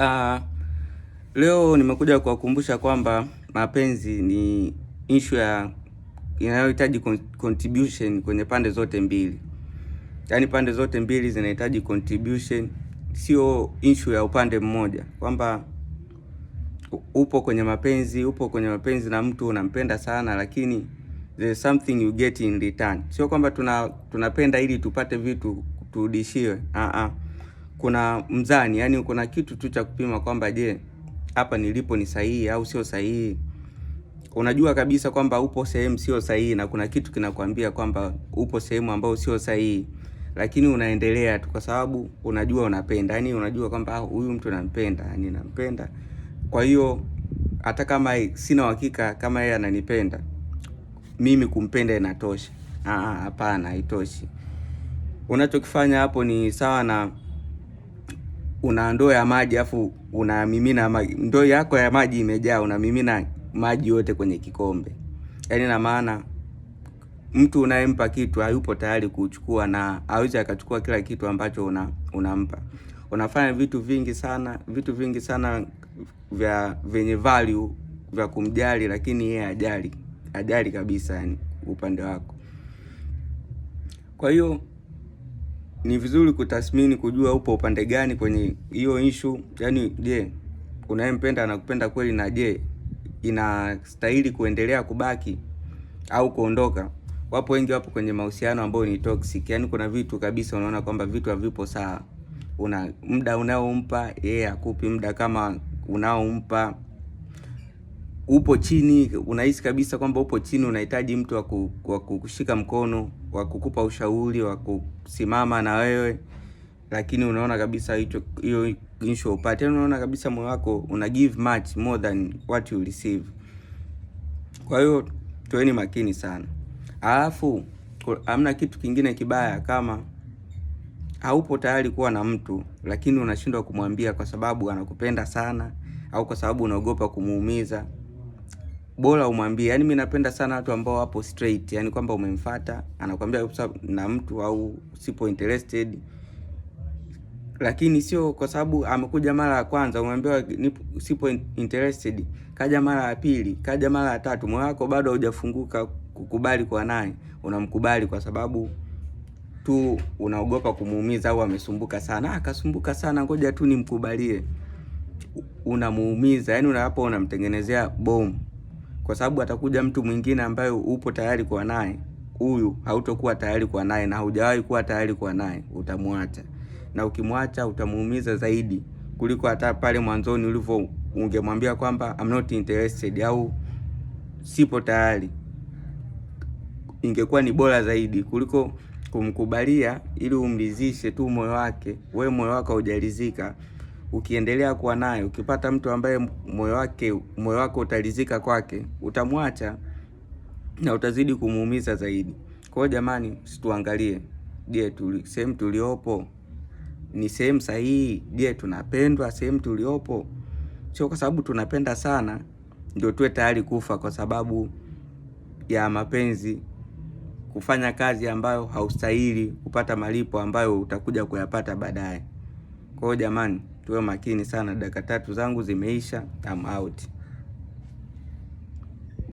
Uh, leo nimekuja kuwakumbusha kwamba mapenzi ni issue ya inayohitaji contribution kwenye pande zote mbili, yaani pande zote mbili zinahitaji contribution, sio issue ya upande mmoja kwamba upo kwenye mapenzi, upo kwenye mapenzi na mtu unampenda sana, lakini there is something you get in return. Sio kwamba tuna tunapenda ili tupate vitu turudishiwe. Ah ah kuna mzani, yani kuna kitu tu cha kupima kwamba je, hapa nilipo ni sahihi au sio sahihi. Unajua kabisa kwamba upo sehemu sio sahihi, na kuna kitu kinakwambia kwamba upo sehemu ambayo sio sahihi, lakini unaendelea tu kwa sababu unajua unapenda, yani unajua kwamba ah, huyu mtu nampenda, yani ah, nampenda, kwa hiyo hata kama sina uhakika kama yeye ananipenda mimi, kumpenda inatosha. Ah, ah hapana, haitoshi. Unachokifanya hapo ni sawa na una ndoo ya maji afu unamimina maji, ndoo yako ya maji imejaa, unamimina maji yote kwenye kikombe. Yaani na maana mtu unayempa kitu hayupo tayari kuchukua, na hawezi akachukua kila kitu ambacho una, unampa. Unafanya vitu vingi sana, vitu vingi sana vya venye value vya kumjali, lakini yeye ajali ajali kabisa, yani upande wako, kwa hiyo ni vizuri kutathmini, kujua upo upande gani kwenye hiyo ishu Yani, je, unayempenda anakupenda kweli? Na je, inastahili kuendelea kubaki au kuondoka? Wapo wengi wapo kwenye mahusiano ambayo ni toxic, yani kuna vitu kabisa unaona kwamba vitu havipo sawa. Una muda unaompa yeye, yeah, akupi muda kama unaompa upo chini, unahisi kabisa kwamba upo chini, unahitaji mtu wa kukushika mkono, wa kukupa ushauri, wa kusimama na wewe, lakini unaona kabisa hicho hiyo insho upate, yaani unaona kabisa moyo wako una give much more than what you receive. Kwa hiyo tuweni makini sana, alafu hamna kitu kingine kibaya kama haupo tayari kuwa na mtu lakini unashindwa kumwambia kwa sababu anakupenda sana, au kwa sababu unaogopa kumuumiza bora umwambie. Yani mi napenda sana watu ambao wapo straight, yani kwamba umemfata anakuambia na mtu au sipo interested, lakini sio kwa sababu amekuja mara ya kwanza umwambie sipo interested, kaja mara ya pili, kaja mara ya tatu, moyo wako bado haujafunguka kukubali kwa naye, unamkubali kwa sababu tu unaogopa kumuumiza, au amesumbuka sana, akasumbuka ah, sana, ngoja tu nimkubalie. Unamuumiza, yani unapo unamtengenezea bomu kwa sababu atakuja mtu mwingine ambaye upo tayari kuwa naye. Huyu hautokuwa tayari kuwa naye na haujawahi kuwa tayari kuwa naye, utamwacha na ukimwacha utamuumiza zaidi kuliko hata pale mwanzoni ulivyo ungemwambia kwamba I'm not interested au sipo tayari. Ingekuwa ni bora zaidi kuliko kumkubalia ili umlizishe tu moyo wake, wewe moyo wako haujalizika ukiendelea kuwa naye, ukipata mtu ambaye moyo wake moyo wako utalizika kwake, utamwacha na utazidi kumuumiza zaidi. Kwa hiyo jamani, situangalie, je, sehemu tuliopo ni sehemu sahihi? Je, tunapendwa sehemu tuliopo? Sio kwa sababu tunapenda sana ndio tuwe tayari kufa kwa sababu ya mapenzi, kufanya kazi ambayo haustahili, kupata malipo ambayo utakuja kuyapata baadaye. Kwa hiyo jamani, tuwe makini sana. Dakika tatu zangu zimeisha, I'm out.